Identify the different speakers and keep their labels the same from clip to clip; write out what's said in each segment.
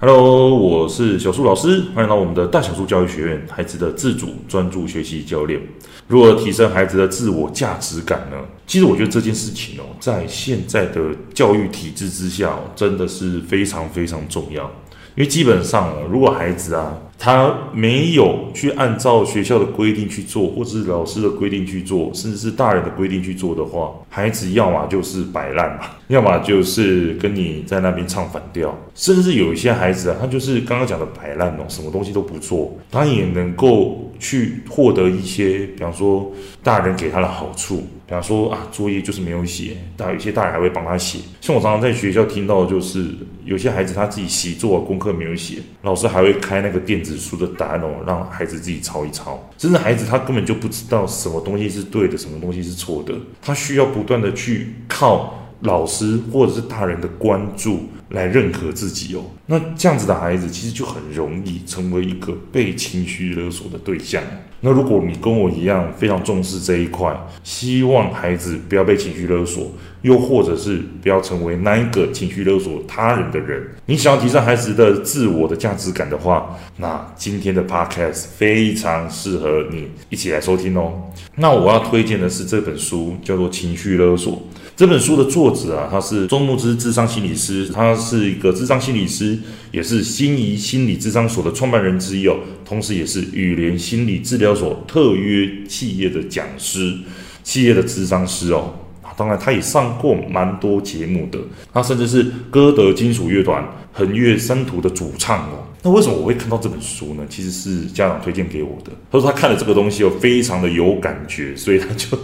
Speaker 1: 哈嘍，我是小樹老師，歡迎來到我們的大小樹教育學院，孩子的自主專注學習教練。如何提升孩子的自我價值感呢？其實我覺得這件事情哦，在現在的教育體制之下，真的是非常非常重要。因為基本上，如果孩子啊，他沒有去按照學校的規定去做，或者是老師的規定去做，甚至是大人的規定去做的話，孩子要麼就是擺爛嘛，要麼就是跟你在那邊唱反調，甚至有一些孩子啊，他就是剛剛講的擺爛哦，什麼東西都不做，他也能夠去獲得一些，比方說大人給他的好處。比方說啊，作業就是沒有寫，大有些大人還會幫他寫。像我常常在學校聽到，就是有些孩子他自己習作功課沒有寫，老師還會開那個電子書的答案哦，讓孩子自己抄一抄。甚至孩子他根本就不知道什麼東西是對的，什麼東西是錯的，他需要不斷的去靠。老師或者是大人的關注來認可自己哦，那這樣子的孩子其實就很容易成為一個被情緒勒索的對象。那如果你跟我一樣非常重視這一塊，希望孩子不要被情緒勒索，又或者是不要成為那一個情緒勒索他人的人，你想要提升孩子的自我的價值感的話，那今天的 podcast 非常適合你一起來收聽哦。那我要推薦的是這本書，叫做《情緒勒索》。這本書的作者啊，他是周慕姿，諮商心理師。他是一個諮商心理師，也是新儀心理諮商所的創辦人之一哦。同時，也是羽聯心理治療所特約企業的講師，企業的諮商師哦。當然，他也上過蠻多節目的。他甚至是歌德金屬樂團恆月三途的主唱哦。那為什麼我會看到這本書呢？其實是家長推薦給我的。他說他看了這個東西哦，非常的有感覺，所以他就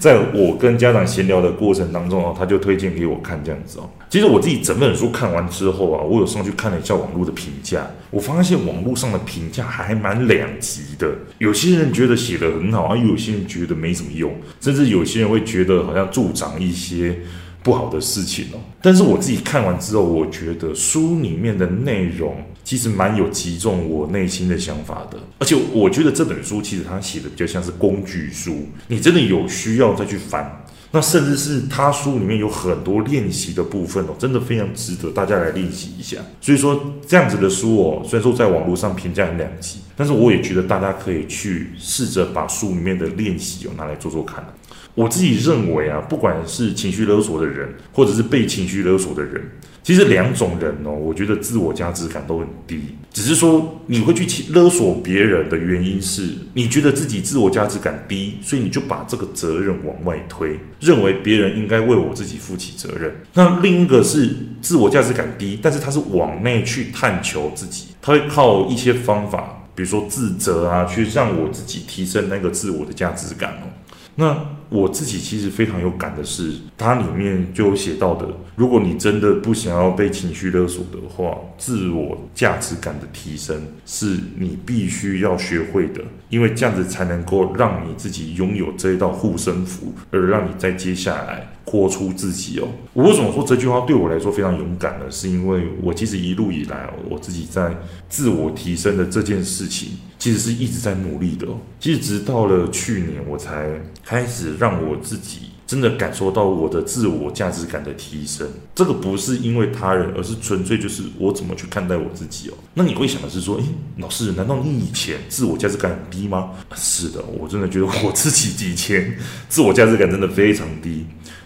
Speaker 1: 在我跟家長閒聊的過程當中他就推薦給我看這樣子哦。其實我自己整本書看完之後啊，我有上去看了一下網絡的評價，我發現網絡上的評價還蠻兩極的。有些人覺得寫得很好，而有些人覺得沒什麼用，甚至有些人會覺得好像助長一些。不好的事情哦，但是我自己看完之後，我覺得書裡面的內容其實蠻有擊中我內心的想法的，而且我覺得這本書其實它寫的比較像是工具書，你真的有需要再去翻。那甚至是他書裡面有很多練習的部分哦，真的非常值得大家來練習一下。所以說這樣子的書哦，雖然說在網絡上評價很兩極，但是我也覺得大家可以去試着把書裡面的練習哦拿來做做看。我自己認為啊，不管是情緒勒索的人，或者是被情緒勒索的人，其實兩種人哦，我覺得自我價值感都很低。只是說你會去勒索別人的原因是，你覺得自己自我價值感低，所以你就把這個責任往外推，認為別人應該為我自己負起責任。那另一個是自我價值感低，但是他是往內去探求自己，他會靠一些方法，比如說自責啊，去讓我自己提升那個自我的價值感哦。那我自己其實非常有感的是，它裡面就有寫到的，如果你真的不想要被情緒勒索的話，自我價值感的提升是你必須要學會的，因為這樣子才能夠讓你自己擁有這一道護身符，而讓你在接下來活出自己哦。我為什麼說這句話對我來說非常勇敢呢？是因為我其實一路以來，我自己在自我提升的這件事情。其實是一直在努力的哦，其實直到了去年，我才開始讓我自己真的感受到我的自我價值感的提升。這個不是因為他人，而是純粹就是我怎麼去看待我自己哦。那你會想的是說，誒，老師，難道你以前自我價值感很低嗎？是的，我真的覺得我自己以前自我價值感真的非常低。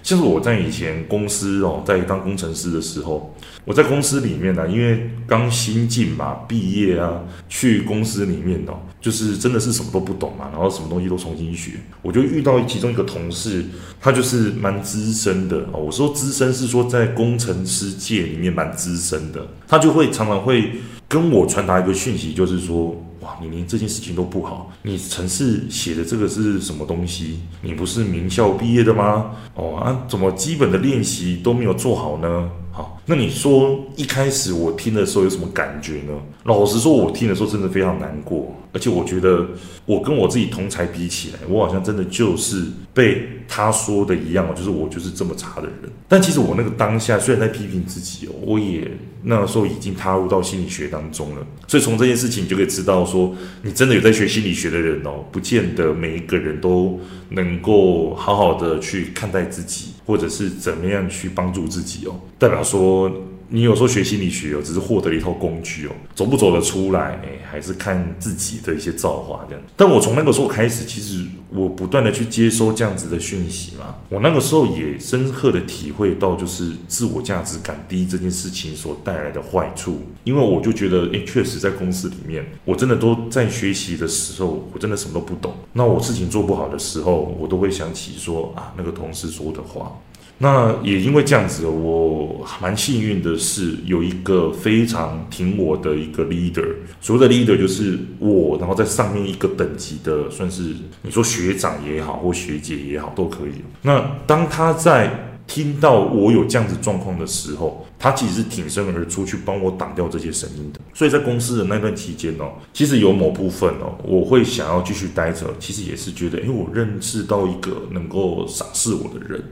Speaker 1: 就是我在以前公司哦，在當工程師的時候，我在公司裡面呢，因為剛新進嘛，畢業啊，去公司裡面哦，就是真的是什麼都不懂嘛，然後什麼東西都重新學。我就遇到其中一個同事，他就是蠻資深的哦。我說資深是說在工程師界裡面蠻資深的，他就會常常會跟我傳達一個訊息，就是說。你連這件事情都不好，你程式寫的這個是什麼東西？你不是名校畢業的嗎？哦啊，怎麼基本的練習都沒有做好呢？好，那你說一開始我聽的時候有什麼感覺呢？老實說，我聽的時候真的非常難過。而且我覺得，我跟我自己同才比起來，我好像真的就是被他說的一樣，就是我就是這麼差的人。但其實我那個當下雖然在批評自己哦，我也那時候已經踏入到心理學當中了。所以從這件事情，你就可以知道，說你真的有在學心理學的人哦，不見得每一個人都能夠好好的去看待自己，或者是怎麼樣去幫助自己哦。代表說。你有時候學心理學哦，只是獲得一套工具哦，走不走得出來，哎，還是看自己的一些造化這樣。但我從那個時候開始，其實我不斷的去接收這樣子的訊息嘛。我那個時候也深刻的體會到，就是自我價值感低這件事情所帶來的壞處。因為我就覺得，哎，確實在公司裡面，我真的都在學習的時候，我真的什麼都不懂。那我事情做不好的時候，我都會想起說啊，那個同事說的話。那也因為這樣子哦，我蠻幸運的是有一個非常挺我的一個 leader，所謂的 leader 就是我，然後在上面一個等級的，算是你說學長也好或學姐也好都可以。那當他在聽到我有這樣子狀況的時候，他其實是挺身而出去幫我擋掉這些聲音的。所以在公司的那段期間哦，其實有某部分哦，我會想要繼續待着，其實也是覺得，因為我認識到一個能夠賞識我的人。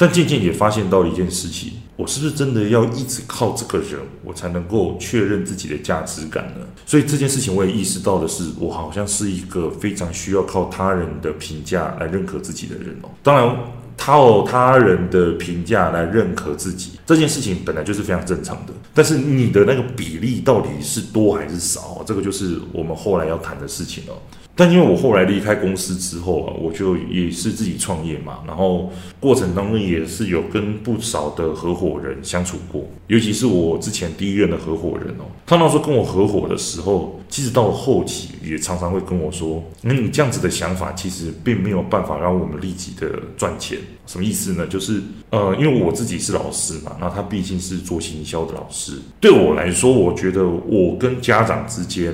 Speaker 1: 但漸漸也發現到了一件事情，我是不是真的要一直靠這個人，我才能夠確認自己的價值感呢？所以這件事情我也意識到的是，我好像是一個非常需要靠他人的評價來認可自己的人哦。當然，靠他人的評價來認可自己這件事情本來就是非常正常的，但是你的那個比例到底是多還是少，這個就是我們後來要談的事情了哦。但因為我後來離開公司之後啊，我就也是自己創業嘛，然後過程當中也是有跟不少的合夥人相處過，尤其是我之前第一任的合夥人哦，他那時候跟我合夥的時候，其實到後期也常常會跟我說：“那你這樣子的想法，其實並沒有辦法讓我們立即的賺錢。”什麼意思呢？就是呃，因為我自己是老師嘛，那他畢竟是做行銷的老師，對我來說，我覺得我跟家長之間，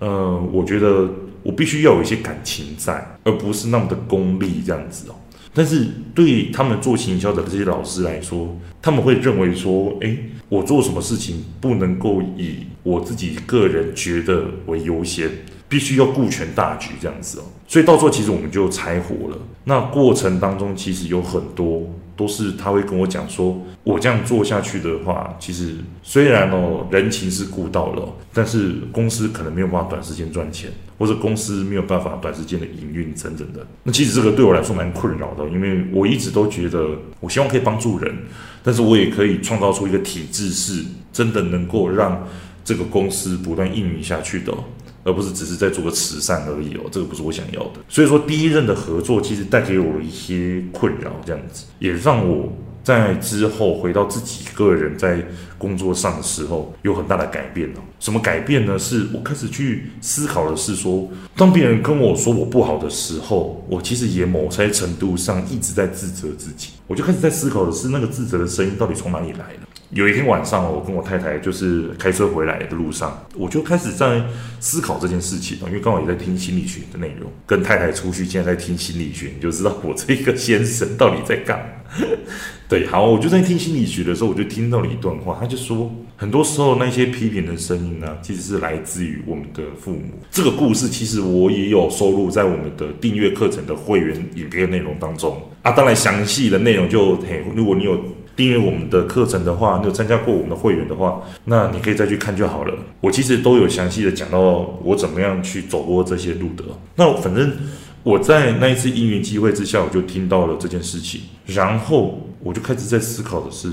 Speaker 1: 呃，我覺得。我必須要有一些感情在，而不是那麼的功利這樣子哦。但是對他們做行銷的這些老師來說，他們會認為說，哎、欸，我做什麼事情不能夠以我自己個人覺得為優先，必須要顧全大局這樣子哦。所以到時候其實我們就拆夥了。那過程當中其實有很多。都是他會跟我講說，我這樣做下去的話，其實雖然哦人情是顧到了，但是公司可能沒有辦法短時間賺錢，或者公司沒有辦法短時間的營運，等等的。那其實這個對我來說蠻困擾的，因為我一直都覺得，我希望可以幫助人，但是我也可以創造出一個體制，是真的能夠讓這個公司不斷運營下去的。而不是只是在做個慈善而已哦，這個不是我想要的。所以說，第一任的合作其實帶給我一些困擾，這樣子也讓我在之後回到自己個人在工作上的時候有很大的改變哦。什麼改變呢？是我開始去思考的是說，當別人跟我說我不好的時候，我其實也某些程度上一直在自責自己。我就開始在思考的是，那個自責的聲音到底從哪裡來的？有一天晚上，我跟我太太就是開車回來的路上，我就開始在思考這件事情，因為剛好也在聽心理學的內容。跟太太出去，現在在聽心理學，你就知道我這個先生到底在幹嘛？對，好，我就在聽心理學的時候，我就聽到了一段話，他就說，很多時候那些批評的聲音呢、啊，其實是來自於我們的父母。這個故事其實我也有收錄在我們的訂閱課程的會員影片內容當中啊，當然詳細的內容就，嘿，如果你有。訂閱我們的課程的話，你有參加過我們的會員的話，那你可以再去看就好了。我其實都有詳細的講到我怎麼樣去走過這些路的。那反正我在那一次因緣際會之下，我就聽到了這件事情，然後我就開始在思考的是，誒，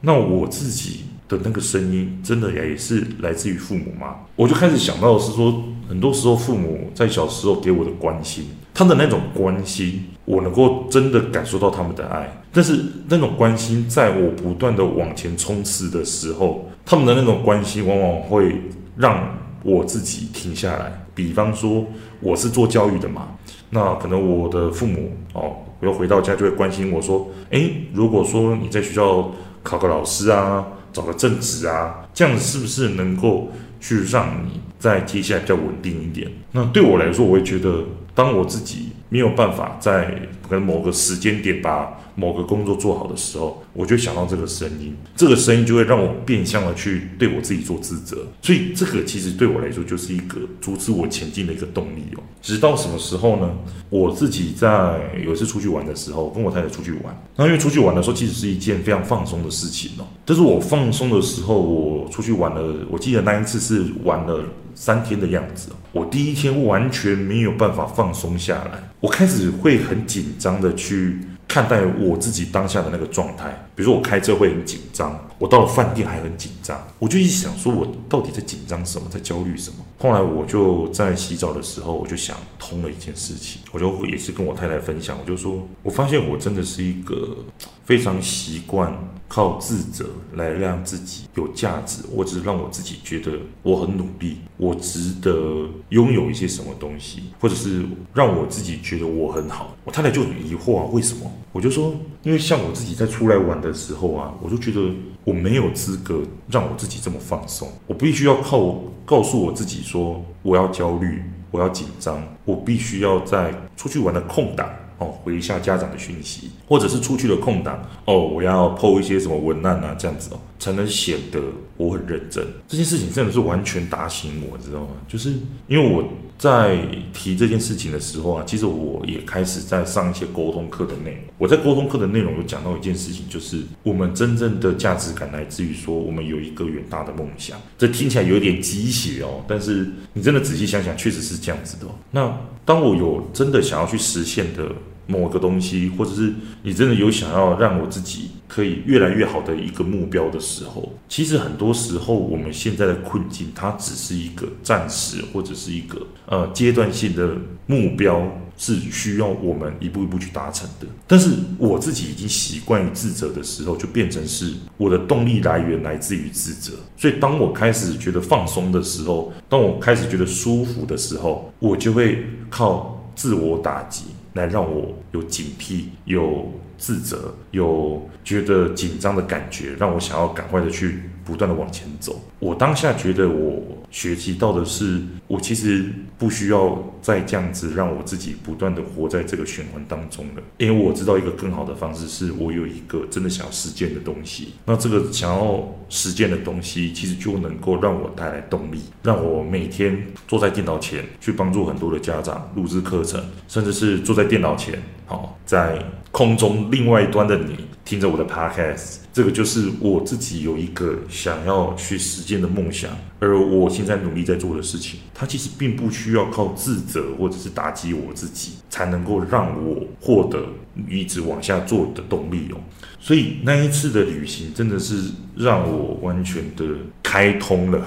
Speaker 1: 那我自己的那個聲音真的也也是來自於父母嗎？我就開始想到的是說，很多時候父母在小時候給我的關心，他的那種關心。我能夠真的感受到他們的愛，但是那種關心，在我不斷的往前衝刺的時候，他們的那種關心往往會讓我自己停下來。比方說，我是做教育的嘛，那可能我的父母哦，我要回到家就會關心我說：“誒，如果說你在學校考個老師啊，找個正職啊，這樣是不是能夠去讓你在接下來比較穩定一點？”那對我來說，我會覺得當我自己。沒有辦法在可能某個時間點把某個工作做好的時候，我就想到這個聲音，這個聲音就會讓我變相的去對我自己做自責，所以這個其實對我來說就是一個阻止我前進的一個動力哦。直到什麼時候呢？我自己在有一次出去玩的時候，跟我太太出去玩，那因為出去玩的時候其實是一件非常放鬆的事情哦，但是我放鬆的時候，我出去玩了，我記得那一次是玩了。三天的樣子，我第一天完全沒有辦法放鬆下來，我開始會很緊張的去看待我自己當下的那個狀態，比如說我開車會很緊張，我到了飯店還很緊張，我就一直想說我到底在緊張什麼，在焦慮什麼？後來我就在洗澡的時候，我就想通了一件事情，我就也是跟我太太分享，我就說，我發現我真的是一個非常習慣。靠自責來讓自己有價值，或者是讓我自己覺得我很努力，我值得擁有一些什麼東西，或者是讓我自己覺得我很好。我太太就很疑惑啊，為什麼？我就說，因為像我自己在出來玩的時候啊，我就覺得我沒有資格讓我自己這麼放鬆，我必須要靠告訴我自己說，我要焦慮，我要緊張，我必須要在出去玩的空檔。回一下家長的訊息，或者是出去的空檔，哦，我要 PO 一些什麼文案啊，這樣子哦，才能顯得我很認真。這件事情真的是完全打醒我，我知道嗎？就是因為我在提這件事情的時候啊，其實我也開始在上一些溝通課的內容。我在溝通課的內容有講到一件事情，就是我們真正的價值感來自於說，我們有一個遠大的夢想。這聽起來有點雞血哦，但是你真的仔細想想，確實是這樣子的哦。那當我有真的想要去實現的。某個東西，或者是你真的有想要讓我自己可以越來越好的一個目標的時候，其實很多時候我們現在的困境，它只是一個暫時或者是一個呃階段性的目標，是需要我們一步一步去達成的。但是我自己已經習慣於自責的時候，就變成是我的動力來源來自於自責。所以當我開始覺得放鬆的時候，當我開始覺得舒服的時候，我就會靠自我打擊。來讓我有警惕，有，自責，有覺得緊張的感覺，讓我想要趕快的去不斷的往前走。我當下覺得我學習到的是，我其實不需要再這樣子讓我自己不斷的活在這個循環當中了，因、欸、為我知道一個更好的方式，是我有一個真的想要實踐的東西。那這個想要實踐的東西，其實就能夠讓我帶來動力，讓我每天坐在電腦前去幫助很多的家長、錄制課程，甚至是坐在電腦前，好在，空中另外一端的你聽着我的 podcast，這個就是我自己有一個想要去實現的夢想，而我現在努力在做的事情，它其實並不需要靠自責或者是打擊我自己才能夠讓我獲得一直往下做的動力哦。所以那一次的旅行真的是讓我完全的開通了，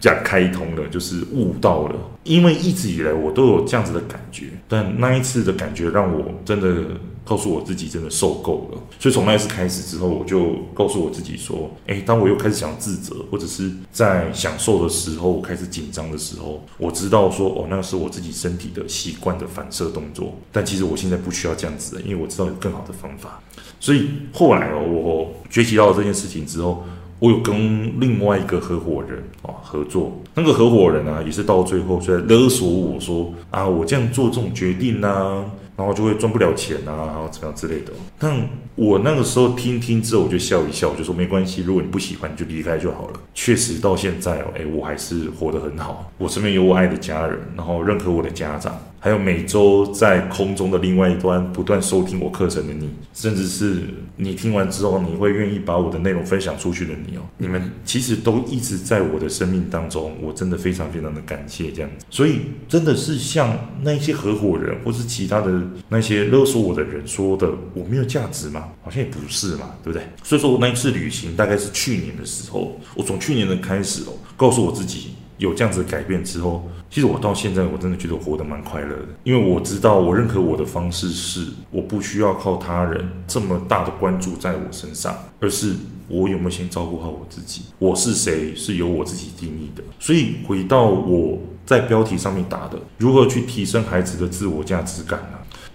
Speaker 1: 這樣開通了就是悟到了，因為一直以來我都有這樣子的感覺，但那一次的感覺讓我真的。告訴我自己真的受夠了，所以從那一次開始之後，我就告訴我自己說：“哎，當我又開始想自責，或者是在享受的時候，我開始緊張的時候，我知道說哦，那個是我自己身體的習慣的反射動作。但其實我現在不需要這樣子，因為我知道有更好的方法。所以後來哦，我學習到了這件事情之後，我有跟另外一個合夥人啊合作。那個合夥人呢、啊，也是到最後在勒索我說：啊，我這樣做這種決定呢、啊。”然後就會賺不了錢啊，然後怎麼樣之類的。但我那個時候聽聽之後，我就笑一笑，我就說沒關係，如果你不喜歡，你就離開就好了。確實到現在，哦，哎，我還是活得很好。我身邊有我愛的家人，然後認可我的家長。還有每周在空中的另外一端不斷收聽我課程的你，甚至是你聽完之後，你會願意把我的內容分享出去的你哦，你們其實都一直在我的生命當中，我真的非常非常的感謝這樣子。所以真的是像那一些合夥人或是其他的那些勒索我的人說的，我沒有價值嗎？好像也不是嘛，對不對？所以說我那一次旅行大概是去年的時候，我從去年的開始哦，告訴我自己。有這樣子的改變之後，其實我到現在我真的覺得活得蠻快樂的，因為我知道我認可我的方式是，我不需要靠他人這麼大的關注在我身上，而是我有沒有先照顧好我自己，我是誰是由我自己定義的。所以回到我在標題上面打的，如何去提升孩子的自我價值感？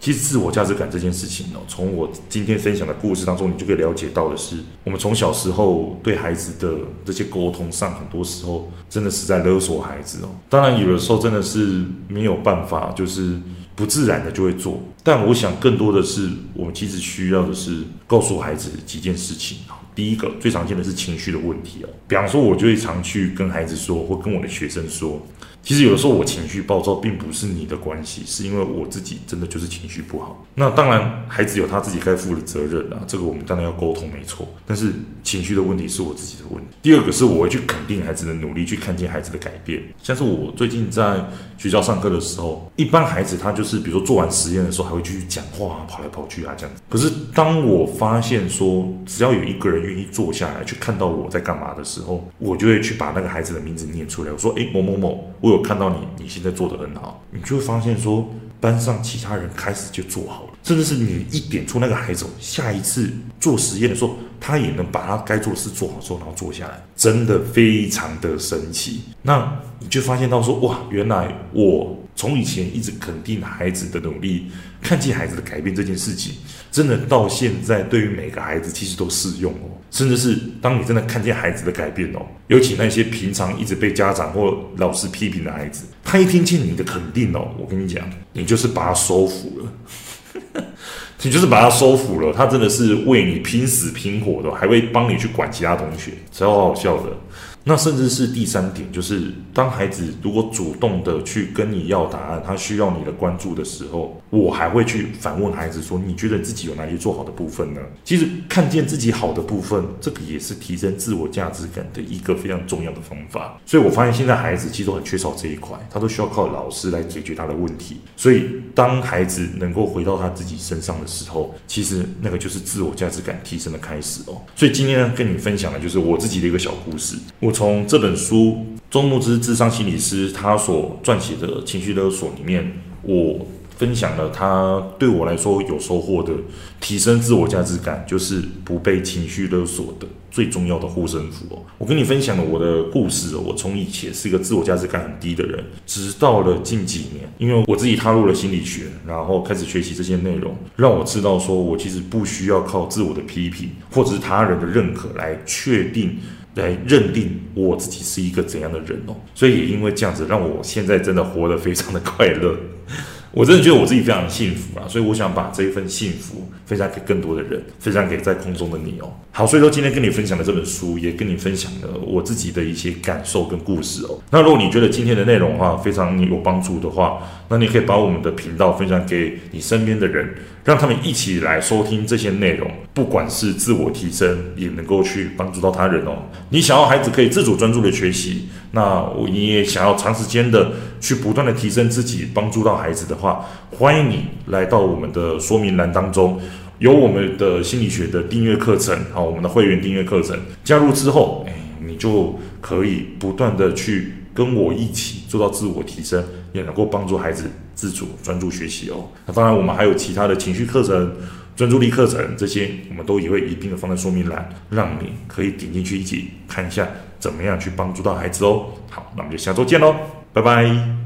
Speaker 1: 其實自我價值感這件事情呢，從我今天分享的故事當中，你就可以了解到的是，我們從小時候對孩子的這些溝通上，很多時候真的是在勒索孩子哦。當然，有的時候真的是沒有辦法，就是不自然的就會做。但我想更多的是，我們其實需要的是告訴孩子幾件事情。第一個，最常見的是情緒的問題哦，比方說，我就會常去跟孩子說，或跟我的學生說。其實有的時候我情緒暴躁，並不是你的關係，是因為我自己真的就是情緒不好。那當然，孩子有他自己該負的責任啊，這個我們當然要溝通，沒錯。但是情緒的問題是我自己的問題。第二個是我會去肯定孩子的努力，去看見孩子的改變。像是我最近在學校上課的時候，一般孩子他就是比如說做完實驗的時候還會繼續講話啊，跑來跑去啊這樣子。可是當我發現說，只要有一個人願意坐下來去看到我在幹嘛的時候，我就會去把那個孩子的名字念出來，我說：“誒，某某某。”我有看到你，你現在做的很好，你就會發現說班上其他人開始就做好了，甚至是你一點出那個孩子，下一次做實驗的時候。他也能把他該做的事做好做，然後做下來，真的非常的神奇。那你就發現到說，哇，原來我從以前一直肯定孩子的努力，看見孩子的改變這件事情，真的到現在對於每個孩子其實都適用哦。甚至是當你真的看見孩子的改變哦，尤其那些平常一直被家長或老師批評的孩子，他一聽見你的肯定哦，我跟你講，你就是把他收服了。你就是把他收服了，他真的是為你拼死拼活的，還會幫你去管其他同學，超好笑的。那甚至是第三點，就是當孩子如果主動的去跟你要答案，他需要你的關注的時候，我還會去反問孩子說：“你覺得自己有哪些做好的部分呢？”其實看見自己好的部分，這個也是提升自我價值感的一個非常重要的方法。所以，我發現現在孩子其實都很缺少這一塊，他都需要靠老師來解決他的問題。所以，當孩子能夠回到他自己身上的時候，其實那個就是自我價值感提升的開始哦。所以今天呢，跟你分享的就是我自己的一個小故事。從這本書，周慕姿諮商心理師他所撰寫的情緒勒索裡面，我。分享了他對我來說有收穫的、提升自我價值感，就是不被情緒勒索的最重要的護身符哦。我跟你分享了我的故事，我從以前是一個自我價值感很低的人，直到了近幾年，因為我自己踏入了心理學，然後開始學習這些內容，讓我知道說我其實不需要靠自我的批評或者是他人的認可來確定、來認定我自己是一個怎樣的人哦。所以也因為這樣子，讓我現在真的活得非常的快樂。我真的覺得我自己非常幸福啊，所以我想把這一份幸福分享給更多的人，分享給在空中的你哦。好，所以說今天跟你分享的這本書，也跟你分享了我自己的一些感受跟故事哦。那如果你覺得今天的內容哈非常有幫助的話，那你可以把我們的頻道分享給你身邊的人，讓他們一起來收聽這些內容，不管是自我提升，也能夠去幫助到他人哦。你想要孩子可以自主專注的學習。那你也想要長時間的去不斷的提升自己，幫助到孩子的話，歡迎你來到我們的說明欄當中，有我們的心理學的訂閱課程，好，我們的會員訂閱課程，加入之後，哎，你就可以不斷的去跟我一起做到自我提升，也能夠幫助孩子自主專注學習哦。那當然，我們還有其他的情緒課程、專注力課程這些，我們都也會一併的放在說明欄，讓你可以點進去一起看一下。怎麼樣去幫助到孩子哦？好，那我們就下周見嘍，拜拜。